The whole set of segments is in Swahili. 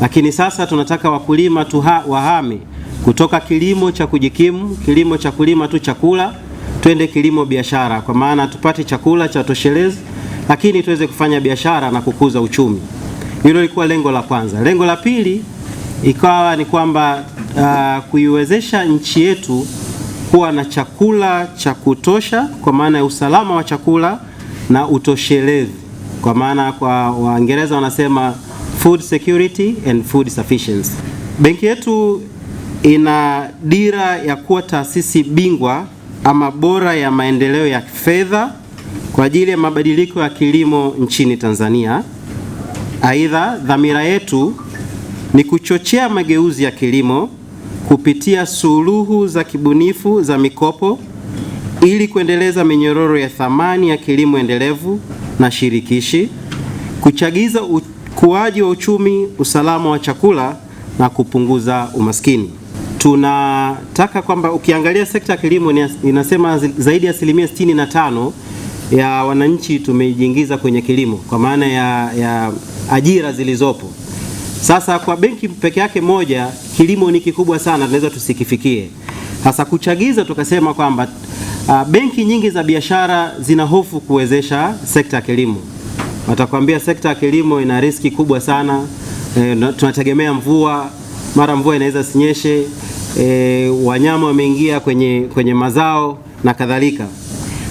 Lakini sasa tunataka wakulima tuha, wahame kutoka kilimo cha kujikimu, kilimo cha kulima tu chakula, twende kilimo biashara, kwa maana tupate chakula cha toshelezi, lakini tuweze kufanya biashara na kukuza uchumi. Hilo lilikuwa lengo la kwanza. Lengo la pili ikawa ni kwamba uh, kuiwezesha nchi yetu kuwa na chakula cha kutosha kwa maana ya usalama wa chakula na utoshelezi kwa maana kwa Waingereza wanasema food security and food sufficiency. Benki yetu ina dira ya kuwa taasisi bingwa ama bora ya maendeleo ya fedha kwa ajili ya mabadiliko ya kilimo nchini Tanzania. Aidha, dhamira yetu ni kuchochea mageuzi ya kilimo kupitia suluhu za kibunifu za mikopo ili kuendeleza minyororo ya thamani ya kilimo endelevu na shirikishi, kuchagiza ukuaji wa uchumi, usalama wa chakula na kupunguza umaskini. Tunataka kwamba ukiangalia sekta ya kilimo inasema zaidi ya asilimia 65 ya wananchi tumejiingiza kwenye kilimo kwa maana ya, ya ajira zilizopo. Sasa kwa benki peke yake moja, kilimo ni kikubwa sana, tunaweza tusikifikie. Sasa kuchagiza, tukasema kwamba ah, benki nyingi za biashara zina hofu kuwezesha sekta ya kilimo. Watakwambia sekta ya kilimo ina riski kubwa sana e, tunategemea mvua, mara mvua inaweza sinyeshe, e, wanyama wameingia kwenye, kwenye mazao na kadhalika.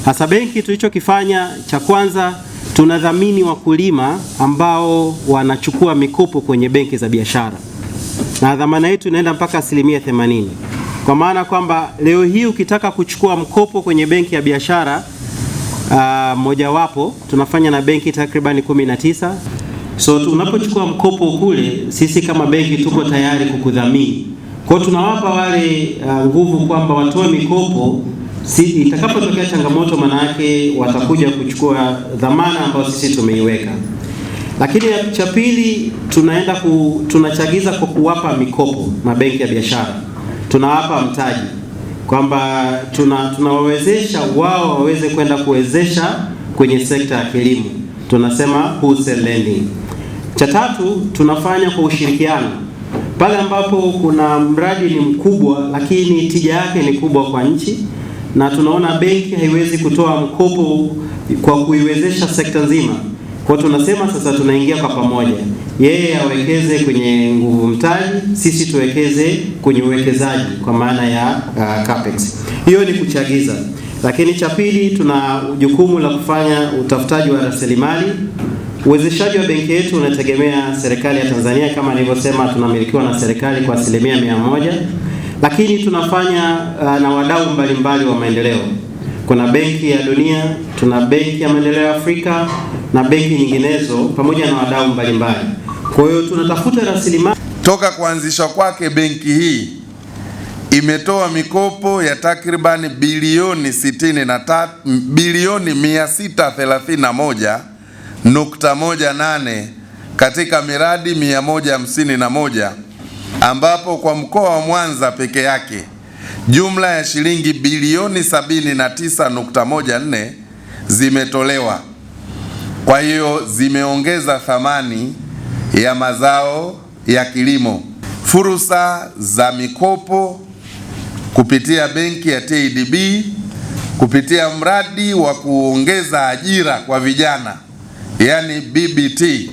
Hasa benki tulichokifanya cha kwanza, tunadhamini wakulima ambao wanachukua mikopo kwenye benki za biashara, na dhamana yetu inaenda mpaka asilimia themanini kwa maana kwamba leo hii ukitaka kuchukua mkopo kwenye benki ya biashara Ah, mojawapo tunafanya na benki takribani 19. So tunapochukua mkopo kule, sisi kama benki tuko tayari kukudhamini. Kwa hiyo tunawapa wale uh, nguvu kwamba watoe mikopo si, itakapotokea changamoto, manake watakuja kuchukua dhamana ambayo sisi tumeiweka. Lakini cha pili tunaenda ku, tunachagiza kwa kuwapa mikopo mabenki ya biashara, tunawapa mtaji kwamba tuna tunawawezesha wao waweze kwenda kuwezesha kwenye sekta ya kilimo, tunasema wholesale lending. Cha tatu tunafanya kwa ushirikiano pale ambapo kuna mradi ni mkubwa, lakini tija yake ni kubwa kwa nchi na tunaona benki haiwezi kutoa mkopo kwa kuiwezesha sekta nzima kwa tunasema sasa tunaingia kwa pamoja, yeye awekeze kwenye nguvu mtaji, sisi tuwekeze kwenye uwekezaji kwa maana ya uh, capex. Hiyo ni kuchagiza, lakini cha pili tuna jukumu la kufanya utafutaji wa rasilimali Uwezeshaji wa benki yetu unategemea serikali ya Tanzania. Kama nilivyosema, tunamilikiwa na serikali kwa asilimia mia moja, lakini tunafanya uh, na wadau mbalimbali wa maendeleo. Kuna benki ya Dunia, tuna benki ya maendeleo ya Afrika, na benki nyinginezo pamoja na wadau mbalimbali. Kwa hiyo tunatafuta rasilimali. Toka kuanzishwa kwake, benki hii imetoa mikopo ya takribani bilioni 63 bilioni 631.18 katika miradi 151 ambapo kwa mkoa wa Mwanza peke yake jumla ya shilingi bilioni 79.14 zimetolewa. Kwa hiyo zimeongeza thamani ya mazao ya kilimo. Fursa za mikopo kupitia benki ya TADB kupitia mradi wa kuongeza ajira kwa vijana, yaani BBT,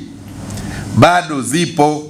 bado zipo.